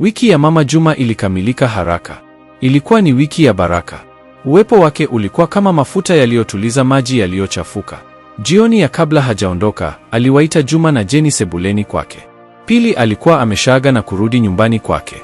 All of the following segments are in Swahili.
Wiki ya Mama Juma ilikamilika haraka. Ilikuwa ni wiki ya baraka. Uwepo wake ulikuwa kama mafuta yaliyotuliza maji yaliyochafuka. Jioni ya kabla hajaondoka, aliwaita Juma na Jeni sebuleni kwake. Pili alikuwa ameshaaga na kurudi nyumbani kwake.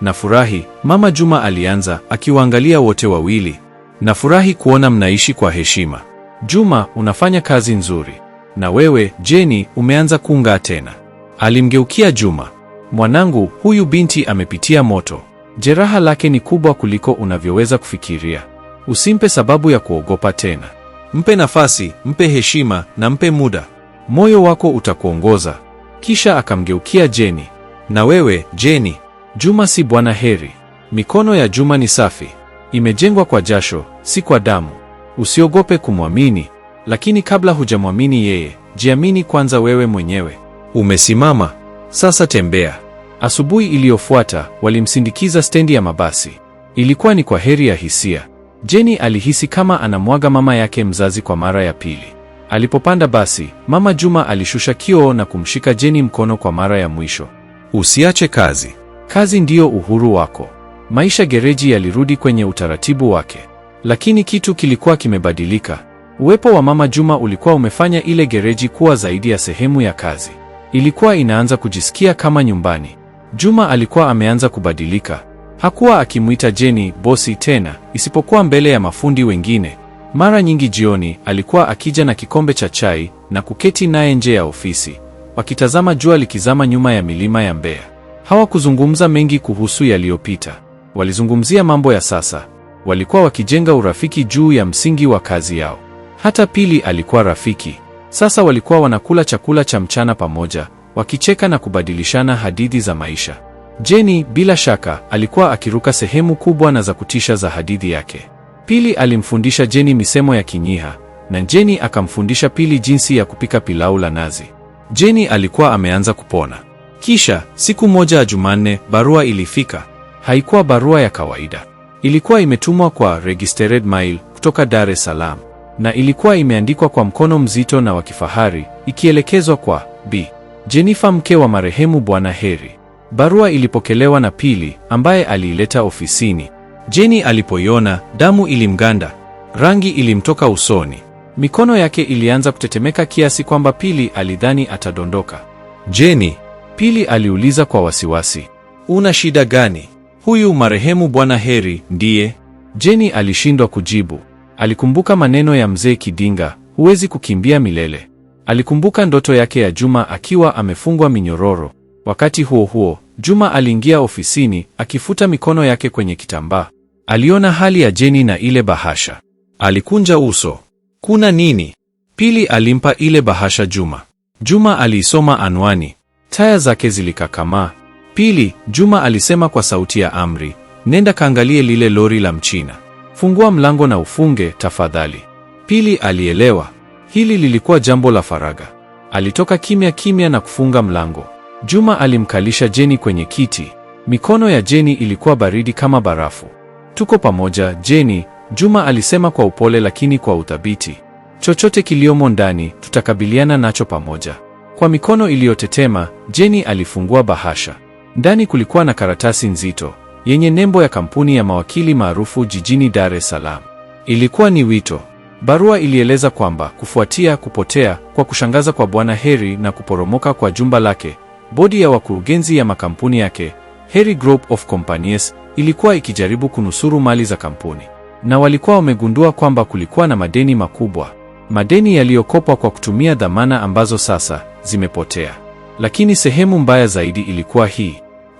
Nafurahi, Mama Juma alianza, akiwaangalia wote wawili. Nafurahi kuona mnaishi kwa heshima. Juma, unafanya kazi nzuri. Na wewe, Jeni, umeanza kung'aa tena. Alimgeukia Juma. Mwanangu, huyu binti amepitia moto. Jeraha lake ni kubwa kuliko unavyoweza kufikiria. Usimpe sababu ya kuogopa tena. Mpe nafasi, mpe heshima na mpe muda. Moyo wako utakuongoza. Kisha akamgeukia Jeni. Na wewe Jeni, Juma si Bwana Heri. Mikono ya Juma ni safi, imejengwa kwa jasho, si kwa damu. Usiogope kumwamini, lakini kabla hujamwamini yeye, jiamini kwanza wewe mwenyewe. Umesimama sasa, tembea. Asubuhi iliyofuata walimsindikiza stendi ya mabasi. Ilikuwa ni kwa heri ya hisia. Jeni alihisi kama anamwaga mama yake mzazi kwa mara ya pili. Alipopanda basi, mama Juma alishusha kioo na kumshika Jeni mkono kwa mara ya mwisho. Usiache kazi, kazi ndiyo uhuru wako. Maisha gereji yalirudi kwenye utaratibu wake, lakini kitu kilikuwa kimebadilika. Uwepo wa mama Juma ulikuwa umefanya ile gereji kuwa zaidi ya sehemu ya kazi. Ilikuwa inaanza kujisikia kama nyumbani. Juma alikuwa ameanza kubadilika. Hakuwa akimwita Jeni bosi tena, isipokuwa mbele ya mafundi wengine. Mara nyingi jioni alikuwa akija na kikombe cha chai na kuketi naye nje ya ofisi, wakitazama jua likizama nyuma ya milima ya Mbeya. Hawakuzungumza mengi kuhusu yaliyopita, walizungumzia mambo ya sasa. Walikuwa wakijenga urafiki juu ya msingi wa kazi yao. Hata Pili alikuwa rafiki. Sasa walikuwa wanakula chakula cha mchana pamoja, wakicheka na kubadilishana hadithi za maisha. Jeni bila shaka alikuwa akiruka sehemu kubwa na za kutisha za hadithi yake. Pili alimfundisha Jeni misemo ya Kinyiha na Jeni akamfundisha Pili jinsi ya kupika pilau la nazi. Jeni alikuwa ameanza kupona. Kisha siku moja ya Jumanne, barua ilifika. Haikuwa barua ya kawaida. Ilikuwa imetumwa kwa registered mail kutoka Dar es Salaam na ilikuwa imeandikwa kwa mkono mzito na wa kifahari, ikielekezwa kwa Bi Jenifer, mke wa marehemu Bwana Heri. Barua ilipokelewa na Pili ambaye aliileta ofisini. Jeni alipoiona, damu ilimganda, rangi ilimtoka usoni, mikono yake ilianza kutetemeka kiasi kwamba Pili alidhani atadondoka. Jeni, Pili aliuliza kwa wasiwasi, una shida gani? Huyu marehemu Bwana Heri ndiye? Jeni alishindwa kujibu. Alikumbuka maneno ya mzee Kidinga, huwezi kukimbia milele. Alikumbuka ndoto yake ya Juma akiwa amefungwa minyororo. Wakati huo huo, Juma aliingia ofisini akifuta mikono yake kwenye kitambaa. Aliona hali ya Jeni na ile bahasha. Alikunja uso. Kuna nini? Pili alimpa ile bahasha Juma. Juma aliisoma anwani. Taya zake zilikakamaa. Pili, Juma alisema kwa sauti ya amri, nenda kaangalie lile lori la Mchina. Fungua mlango na ufunge tafadhali. Pili alielewa. Hili lilikuwa jambo la faraga Alitoka kimya kimya na kufunga mlango. Juma alimkalisha Jeni kwenye kiti. Mikono ya Jeni ilikuwa baridi kama barafu. Tuko pamoja, Jeni, Juma alisema kwa upole lakini kwa uthabiti. Chochote kiliomo ndani tutakabiliana nacho pamoja. Kwa mikono iliyotetema, Jeni alifungua bahasha. Ndani kulikuwa na karatasi nzito yenye nembo ya kampuni ya mawakili maarufu jijini Dar es Salaam. Ilikuwa ni wito Barua ilieleza kwamba kufuatia kupotea kwa kushangaza kwa Bwana Harry na kuporomoka kwa jumba lake, bodi ya wakurugenzi ya makampuni yake Harry Group of Companies ilikuwa ikijaribu kunusuru mali za kampuni, na walikuwa wamegundua kwamba kulikuwa na madeni makubwa, madeni yaliyokopwa kwa kutumia dhamana ambazo sasa zimepotea. Lakini sehemu mbaya zaidi ilikuwa hii: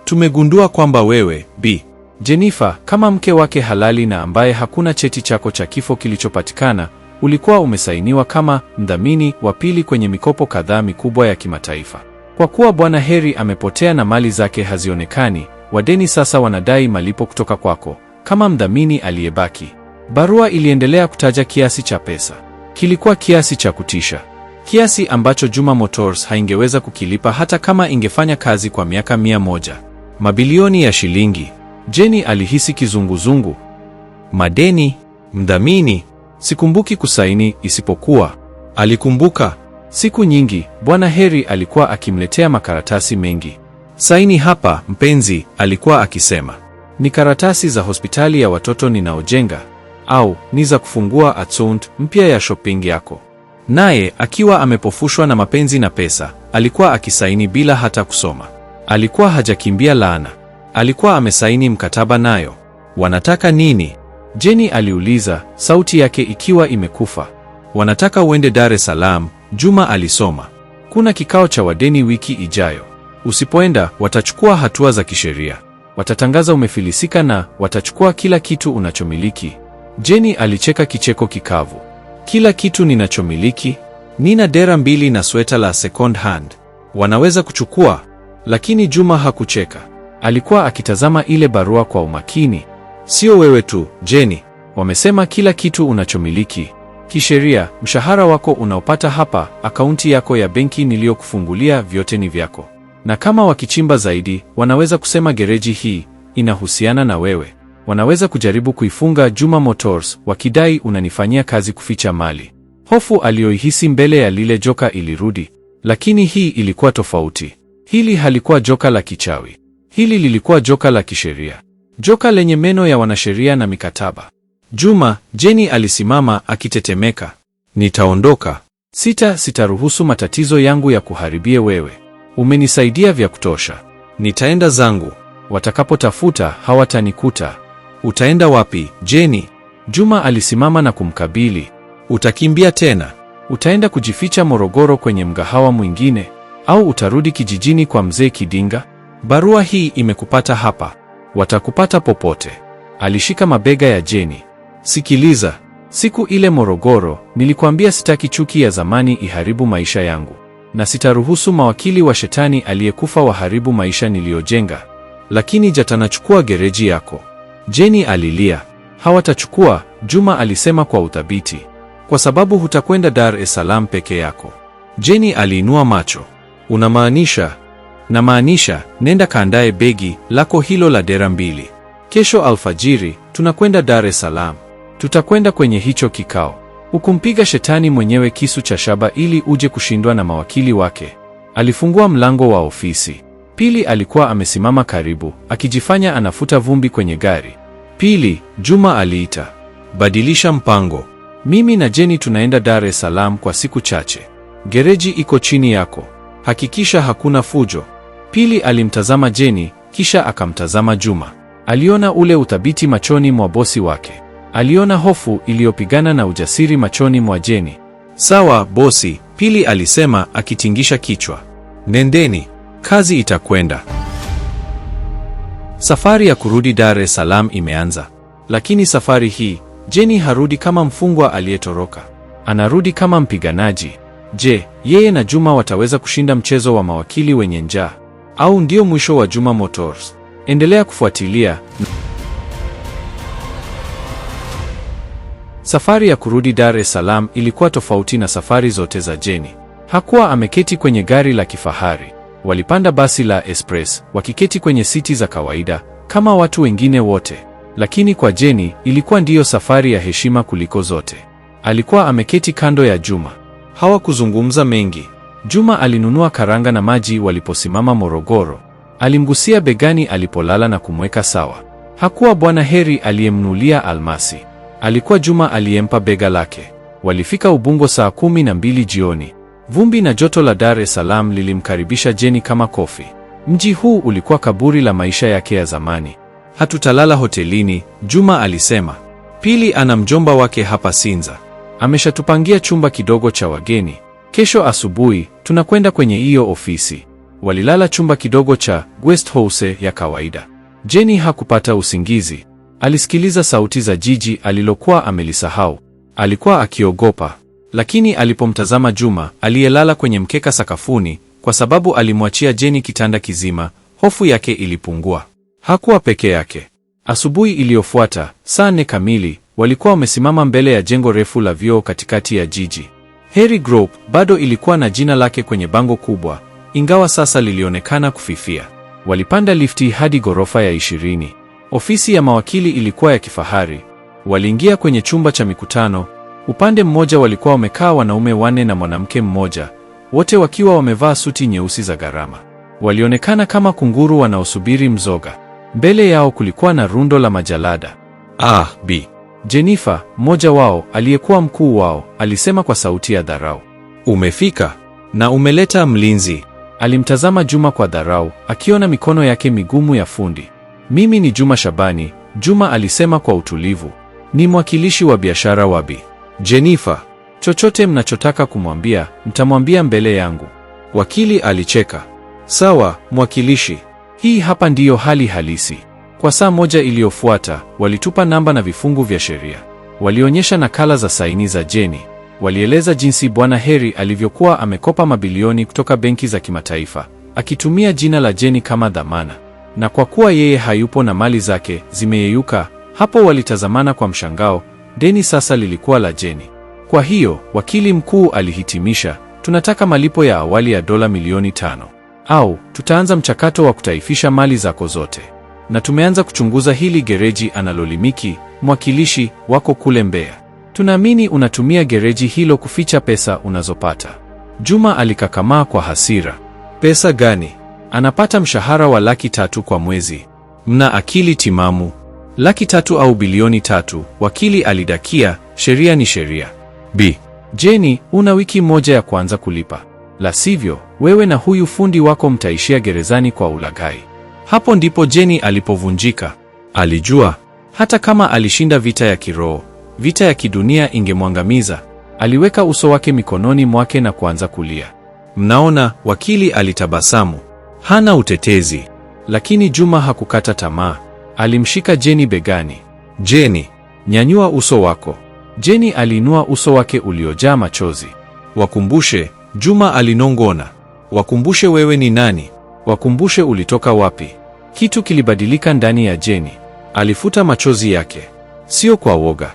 tumegundua kwamba wewe Bi jenifer kama mke wake halali na ambaye hakuna cheti chako cha kifo kilichopatikana, ulikuwa umesainiwa kama mdhamini wa pili kwenye mikopo kadhaa mikubwa ya kimataifa. Kwa kuwa Bwana Heri amepotea na mali zake hazionekani, wadeni sasa wanadai malipo kutoka kwako kama mdhamini aliyebaki. Barua iliendelea kutaja kiasi cha pesa. Kilikuwa kiasi cha kutisha, kiasi ambacho Juma Motors haingeweza kukilipa hata kama ingefanya kazi kwa miaka mia moja. Mabilioni ya shilingi. Jenny alihisi kizunguzungu. Madeni, mdhamini, sikumbuki kusaini isipokuwa alikumbuka. Siku nyingi Bwana Harry alikuwa akimletea makaratasi mengi. Saini hapa mpenzi, alikuwa akisema. Ni karatasi za hospitali ya watoto ninaojenga au ni za kufungua account mpya ya shopping yako. Naye akiwa amepofushwa na mapenzi na pesa, alikuwa akisaini bila hata kusoma. Alikuwa hajakimbia laana alikuwa amesaini mkataba nayo. Wanataka nini? Jeni aliuliza, sauti yake ikiwa imekufa. Wanataka uende Dar es Salaam, Juma alisoma. Kuna kikao cha wadeni wiki ijayo. Usipoenda watachukua hatua za kisheria, watatangaza umefilisika na watachukua kila kitu unachomiliki. Jeni alicheka kicheko kikavu. Kila kitu ninachomiliki? Nina dera mbili na sweta la second hand, wanaweza kuchukua. Lakini Juma hakucheka. Alikuwa akitazama ile barua kwa umakini. Sio wewe tu, Jeni, wamesema kila kitu unachomiliki kisheria, mshahara wako unaopata hapa, akaunti yako ya benki niliyokufungulia, vyote ni vyako, na kama wakichimba zaidi, wanaweza kusema gereji hii inahusiana na wewe. Wanaweza kujaribu kuifunga Juma Motors wakidai unanifanyia kazi kuficha mali. Hofu aliyoihisi mbele ya lile joka ilirudi, lakini hii ilikuwa tofauti. Hili halikuwa joka la kichawi. Hili lilikuwa joka la kisheria, joka lenye meno ya wanasheria na mikataba. Juma Jeni alisimama akitetemeka. Nitaondoka, sita sitaruhusu matatizo yangu ya kuharibie wewe. Umenisaidia vya kutosha, nitaenda zangu. Watakapotafuta hawatanikuta. Utaenda wapi Jeni? Juma alisimama na kumkabili. Utakimbia tena? Utaenda kujificha Morogoro kwenye mgahawa mwingine, au utarudi kijijini kwa mzee Kidinga? Barua hii imekupata hapa, watakupata popote. Alishika mabega ya Jeni. Sikiliza, siku ile Morogoro nilikuambia sitaki chuki ya zamani iharibu maisha yangu, na sitaruhusu mawakili wa shetani aliyekufa waharibu maisha niliyojenga. Lakini jatanachukua gereji yako. Jeni alilia. Hawatachukua, Juma alisema kwa uthabiti, kwa sababu hutakwenda Dar es Salaam peke yako. Jeni aliinua macho. Unamaanisha? Namaanisha, nenda kaandaye begi lako hilo la dera mbili. Kesho alfajiri tunakwenda Dar es Salaam, tutakwenda kwenye hicho kikao, ukumpiga shetani mwenyewe kisu cha shaba ili uje kushindwa na mawakili wake. Alifungua mlango wa ofisi. Pili alikuwa amesimama karibu akijifanya anafuta vumbi kwenye gari. Pili, Juma aliita, badilisha mpango. Mimi na Jeni tunaenda Dar es Salaam kwa siku chache, gereji iko chini yako, hakikisha hakuna fujo. Pili alimtazama Jeni, kisha akamtazama Juma. Aliona ule uthabiti machoni mwa bosi wake, aliona hofu iliyopigana na ujasiri machoni mwa Jeni. Sawa bosi, Pili alisema akitingisha kichwa. Nendeni, kazi itakwenda. Safari ya kurudi Dar es Salaam imeanza, lakini safari hii Jeni harudi kama mfungwa aliyetoroka, anarudi kama mpiganaji. Je, yeye na Juma wataweza kushinda mchezo wa mawakili wenye njaa? au ndio mwisho wa Juma Motors. Endelea kufuatilia safari ya kurudi Dar es Salaam. Ilikuwa tofauti na safari zote za Jeni. Hakuwa ameketi kwenye gari la kifahari. Walipanda basi la express, wakiketi kwenye siti za kawaida kama watu wengine wote, lakini kwa Jeni ilikuwa ndiyo safari ya heshima kuliko zote. Alikuwa ameketi kando ya Juma. Hawakuzungumza mengi, Juma alinunua karanga na maji waliposimama Morogoro. Alimgusia begani alipolala na kumweka sawa. Hakuwa Bwana Heri aliyemnulia almasi, alikuwa Juma aliyempa bega lake. Walifika Ubungo saa kumi na mbili jioni. Vumbi na joto la Dar es Salaam lilimkaribisha Jeni kama kofi. Mji huu ulikuwa kaburi la maisha yake ya zamani. Hatutalala hotelini, Juma alisema. Pili ana mjomba wake hapa Sinza, ameshatupangia chumba kidogo cha wageni. Kesho asubuhi tunakwenda kwenye hiyo ofisi. Walilala chumba kidogo cha guest house ya kawaida. Jenny hakupata usingizi. Alisikiliza sauti za jiji alilokuwa amelisahau. Alikuwa akiogopa, lakini alipomtazama Juma aliyelala kwenye mkeka sakafuni, kwa sababu alimwachia Jenny kitanda kizima, hofu yake ilipungua. Hakuwa peke yake. Asubuhi iliyofuata saa nne kamili walikuwa wamesimama mbele ya jengo refu la vioo katikati ya jiji. Harry grope bado ilikuwa na jina lake kwenye bango kubwa, ingawa sasa lilionekana kufifia. Walipanda lifti hadi ghorofa ya ishirini. Ofisi ya mawakili ilikuwa ya kifahari. Waliingia kwenye chumba cha mikutano. Upande mmoja walikuwa wamekaa wanaume wanne na mwanamke mmoja, wote wakiwa wamevaa suti nyeusi za gharama. Walionekana kama kunguru wanaosubiri mzoga. Mbele yao kulikuwa na rundo la majalada. Ah, B Jenifa, mmoja wao aliyekuwa mkuu wao, alisema kwa sauti ya dharau, umefika na umeleta mlinzi. Alimtazama Juma kwa dharau, akiona mikono yake migumu ya fundi. Mimi ni Juma Shabani, Juma alisema kwa utulivu, ni mwakilishi wa biashara wa Bi Jenifa. Chochote mnachotaka kumwambia mtamwambia mbele yangu. Wakili alicheka. Sawa mwakilishi, hii hapa ndiyo hali halisi. Kwa saa moja iliyofuata, walitupa namba na vifungu vya sheria, walionyesha nakala za saini za Jeni, walieleza jinsi Bwana Heri alivyokuwa amekopa mabilioni kutoka benki za kimataifa akitumia jina la Jeni kama dhamana, na kwa kuwa yeye hayupo na mali zake zimeyeyuka. Hapo walitazamana kwa mshangao. Deni sasa lilikuwa la Jeni. Kwa hiyo wakili mkuu alihitimisha, tunataka malipo ya awali ya dola milioni tano au tutaanza mchakato wa kutaifisha mali zako zote na tumeanza kuchunguza hili gereji analolimiki mwakilishi wako kule Mbeya. Tunaamini unatumia gereji hilo kuficha pesa unazopata. Juma alikakamaa kwa hasira. Pesa gani? Anapata mshahara wa laki tatu kwa mwezi. Mna akili timamu? Laki tatu au bilioni tatu? Wakili alidakia. Sheria ni sheria. B Jeni, una wiki moja ya kwanza kulipa, la sivyo wewe na huyu fundi wako mtaishia gerezani kwa ulaghai. Hapo ndipo Jeni alipovunjika. Alijua hata kama alishinda vita ya kiroho, vita ya kidunia ingemwangamiza. Aliweka uso wake mikononi mwake na kuanza kulia. Mnaona, wakili alitabasamu. Hana utetezi. Lakini Juma hakukata tamaa. Alimshika Jeni begani. Jeni, nyanyua uso wako. Jeni aliinua uso wake uliojaa machozi. Wakumbushe, Juma alinong'ona. Wakumbushe wewe ni nani? Wakumbushe ulitoka wapi. Kitu kilibadilika ndani ya Jeni. Alifuta machozi yake, sio kwa woga,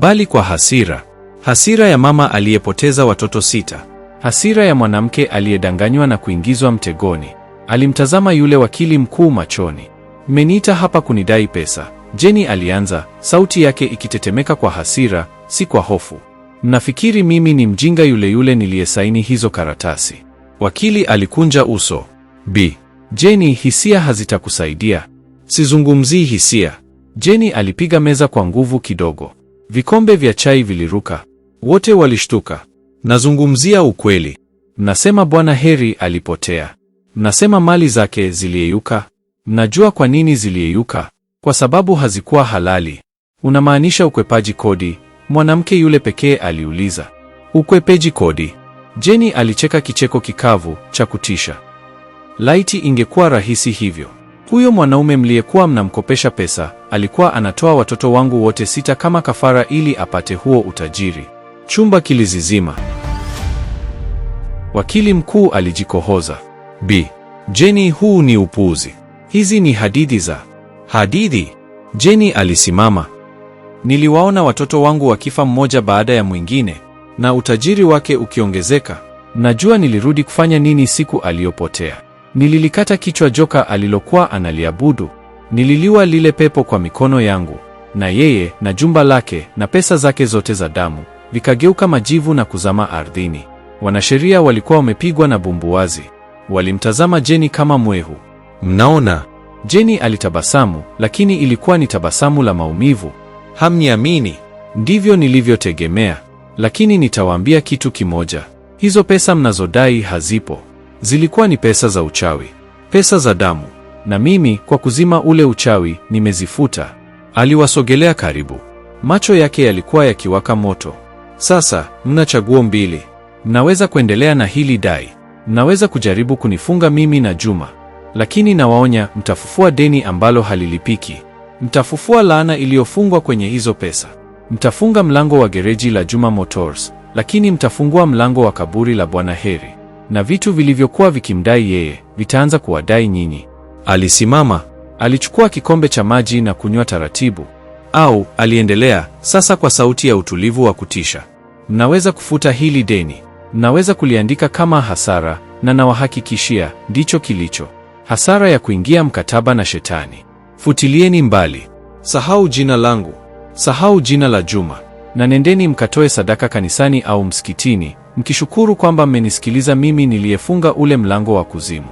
bali kwa hasira. Hasira ya mama aliyepoteza watoto sita, hasira ya mwanamke aliyedanganywa na kuingizwa mtegoni. Alimtazama yule wakili mkuu machoni. Mmeniita hapa kunidai pesa, Jeni alianza, sauti yake ikitetemeka kwa hasira, si kwa hofu. Mnafikiri mimi ni mjinga yule yule niliyesaini hizo karatasi? Wakili alikunja uso. B. Jeni, hisia hazitakusaidia. Sizungumzii hisia. Jeni alipiga meza kwa nguvu kidogo, vikombe vya chai viliruka. Wote walishtuka. Nazungumzia ukweli. Mnasema bwana Heri alipotea, mnasema mali zake ziliyeyuka. Mnajua kwa nini ziliyeyuka? Kwa sababu hazikuwa halali. Unamaanisha ukwepaji kodi? Mwanamke yule pekee aliuliza. Ukwepeji kodi? Jeni alicheka kicheko kikavu cha kutisha. Laiti ingekuwa rahisi hivyo. Huyo mwanaume mliyekuwa mnamkopesha pesa alikuwa anatoa watoto wangu wote sita kama kafara ili apate huo utajiri. Chumba kilizizima. Wakili mkuu alijikohoza. Bi Jeni, huu ni upuuzi. Hizi ni hadithi za hadithi. Jeni alisimama. Niliwaona watoto wangu wakifa mmoja baada ya mwingine na utajiri wake ukiongezeka. Najua nilirudi kufanya nini siku aliyopotea. Nililikata kichwa joka alilokuwa analiabudu. Nililiwa lile pepo kwa mikono yangu, na yeye na jumba lake na pesa zake zote za damu vikageuka majivu na kuzama ardhini. Wanasheria walikuwa wamepigwa na bumbuazi, walimtazama Jeni kama mwehu. Mnaona? Jeni alitabasamu, lakini ilikuwa ni tabasamu la maumivu. Hamniamini? Ndivyo nilivyotegemea, lakini nitawaambia kitu kimoja: hizo pesa mnazodai hazipo. Zilikuwa ni pesa za uchawi, pesa za damu, na mimi kwa kuzima ule uchawi nimezifuta. Aliwasogelea karibu, macho yake yalikuwa yakiwaka moto. Sasa mna chaguo mbili, mnaweza kuendelea na hili dai, mnaweza kujaribu kunifunga mimi na Juma, lakini nawaonya, mtafufua deni ambalo halilipiki, mtafufua laana iliyofungwa kwenye hizo pesa, mtafunga mlango wa gereji la Juma Motors, lakini mtafungua mlango wa kaburi la Bwana Heri na vitu vilivyokuwa vikimdai yeye vitaanza kuwadai nyinyi. Alisimama, alichukua kikombe cha maji na kunywa taratibu. Au aliendelea sasa kwa sauti ya utulivu wa kutisha, mnaweza kufuta hili deni, mnaweza kuliandika kama hasara, na nawahakikishia ndicho kilicho hasara ya kuingia mkataba na Shetani. Futilieni mbali, sahau jina langu, sahau jina la Juma, na nendeni mkatoe sadaka kanisani au msikitini mkishukuru kwamba mmenisikiliza mimi niliyefunga ule mlango wa kuzimu.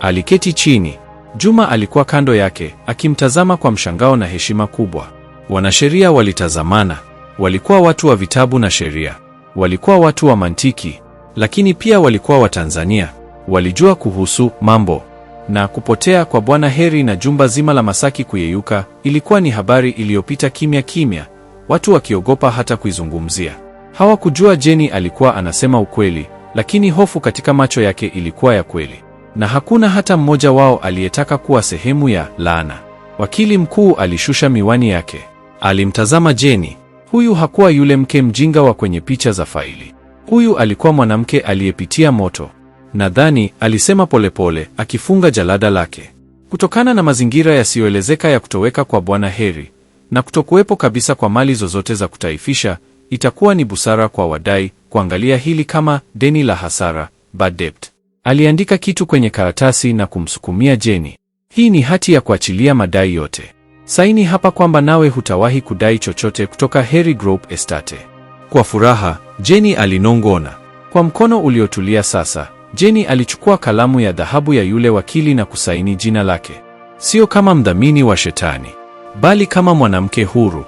Aliketi chini. Juma alikuwa kando yake akimtazama kwa mshangao na heshima kubwa. Wanasheria walitazamana. Walikuwa watu wa vitabu na sheria, walikuwa watu wa mantiki, lakini pia walikuwa Watanzania. Walijua kuhusu mambo. Na kupotea kwa Bwana Heri na jumba zima la Masaki kuyeyuka ilikuwa ni habari iliyopita kimya kimya, watu wakiogopa hata kuizungumzia. Hawakujua Jeni alikuwa anasema ukweli, lakini hofu katika macho yake ilikuwa ya kweli, na hakuna hata mmoja wao aliyetaka kuwa sehemu ya laana. Wakili mkuu alishusha miwani yake, alimtazama Jeni. Huyu hakuwa yule mke mjinga wa kwenye picha za faili. Huyu alikuwa mwanamke aliyepitia moto, nadhani, alisema polepole pole, akifunga jalada lake. Kutokana na mazingira yasiyoelezeka ya kutoweka kwa Bwana Heri na kutokuwepo kabisa kwa mali zozote za kutaifisha itakuwa ni busara kwa wadai kuangalia hili kama deni la hasara, bad debt. Aliandika kitu kwenye karatasi na kumsukumia Jeni. Hii ni hati ya kuachilia madai yote, saini hapa kwamba nawe hutawahi kudai chochote kutoka Heri Group Estate. Kwa furaha, Jeni alinong'ona. Kwa mkono uliotulia sasa, Jeni alichukua kalamu ya dhahabu ya yule wakili na kusaini jina lake, sio kama mdhamini wa shetani, bali kama mwanamke huru.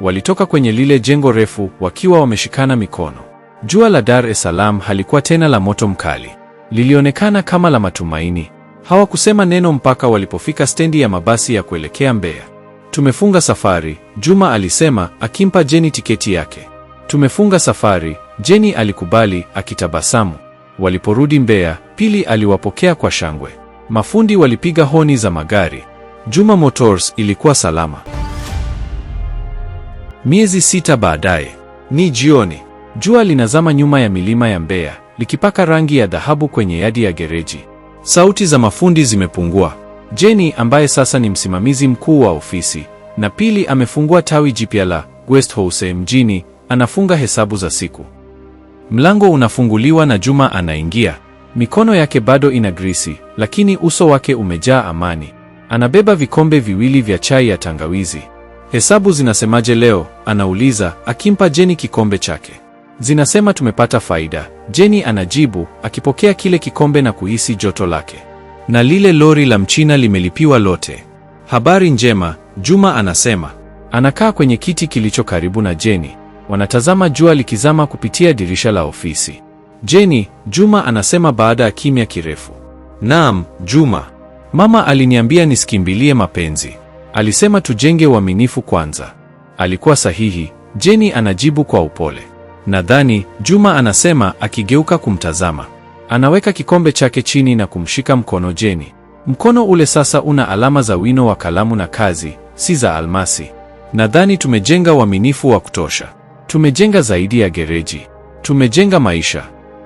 Walitoka kwenye lile jengo refu wakiwa wameshikana mikono. Jua la Dar es Salaam halikuwa tena la moto mkali, lilionekana kama la matumaini. Hawakusema neno mpaka walipofika stendi ya mabasi ya kuelekea Mbeya. Tumefunga safari, Juma alisema akimpa Jeni tiketi yake. Tumefunga safari, Jeni alikubali akitabasamu. Waliporudi Mbeya, Pili aliwapokea kwa shangwe. Mafundi walipiga honi za magari. Juma Motors ilikuwa salama. Miezi sita baadaye, ni jioni, jua linazama nyuma ya milima ya Mbeya likipaka rangi ya dhahabu kwenye yadi ya gereji. Sauti za mafundi zimepungua. Jenny ambaye sasa ni msimamizi mkuu wa ofisi na Pili amefungua tawi jipya la Guesthouse mjini, anafunga hesabu za siku. Mlango unafunguliwa na Juma anaingia. Mikono yake bado ina grisi, lakini uso wake umejaa amani. Anabeba vikombe viwili vya chai ya tangawizi. Hesabu zinasemaje leo? Anauliza akimpa Jeni kikombe chake. Zinasema tumepata faida, Jeni anajibu akipokea kile kikombe na kuhisi joto lake. Na lile lori la Mchina limelipiwa lote. Habari njema, Juma anasema. Anakaa kwenye kiti kilicho karibu na Jeni. Wanatazama jua likizama kupitia dirisha la ofisi. Jeni, Juma anasema baada ya kimya kirefu. Naam, Juma. Mama aliniambia nisikimbilie mapenzi. Alisema tujenge uaminifu kwanza. Alikuwa sahihi, Jeni anajibu kwa upole. Nadhani Juma anasema akigeuka kumtazama. Anaweka kikombe chake chini na kumshika mkono Jeni. Mkono ule sasa una alama za wino wa kalamu na kazi, si za almasi. Nadhani tumejenga uaminifu wa kutosha. Tumejenga zaidi ya gereji. Tumejenga maisha.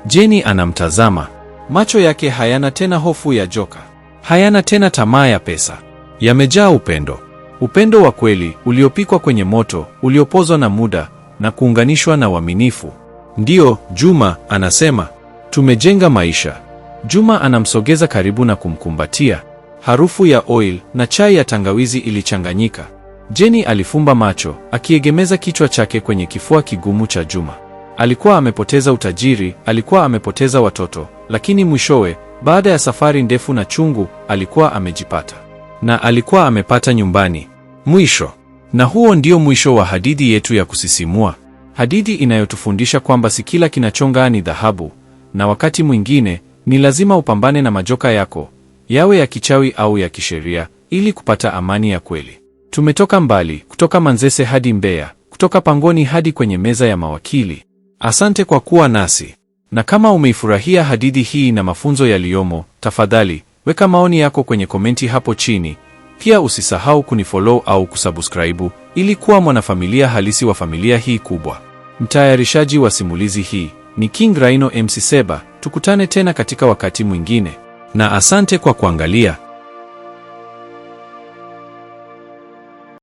Jeni anamtazama. Macho yake hayana tena hofu ya joka. Hayana tena tamaa ya pesa. Yamejaa upendo. Upendo wa kweli uliopikwa kwenye moto, uliopozwa na muda na kuunganishwa na uaminifu. Ndiyo, Juma anasema tumejenga maisha. Juma anamsogeza karibu na kumkumbatia. Harufu ya oil na chai ya tangawizi ilichanganyika. Jeni alifumba macho, akiegemeza kichwa chake kwenye kifua kigumu cha Juma. Alikuwa amepoteza utajiri, alikuwa amepoteza watoto, lakini mwishowe, baada ya safari ndefu na chungu, alikuwa amejipata. Na alikuwa amepata nyumbani. Mwisho. Na huo ndio mwisho wa hadithi yetu ya kusisimua, hadithi inayotufundisha kwamba si kila kinachong'aa ni dhahabu, na wakati mwingine ni lazima upambane na majoka yako, yawe ya kichawi au ya kisheria, ili kupata amani ya kweli. Tumetoka mbali, kutoka Manzese hadi Mbeya, kutoka pangoni hadi kwenye meza ya mawakili. Asante kwa kuwa nasi, na kama umeifurahia hadithi hii na mafunzo yaliyomo, tafadhali weka maoni yako kwenye komenti hapo chini. Pia usisahau kunifollow au kusubscribe ili kuwa mwanafamilia halisi wa familia hii kubwa. Mtayarishaji wa simulizi hii ni King Rhino MC Seba. Tukutane tena katika wakati mwingine, na asante kwa kuangalia.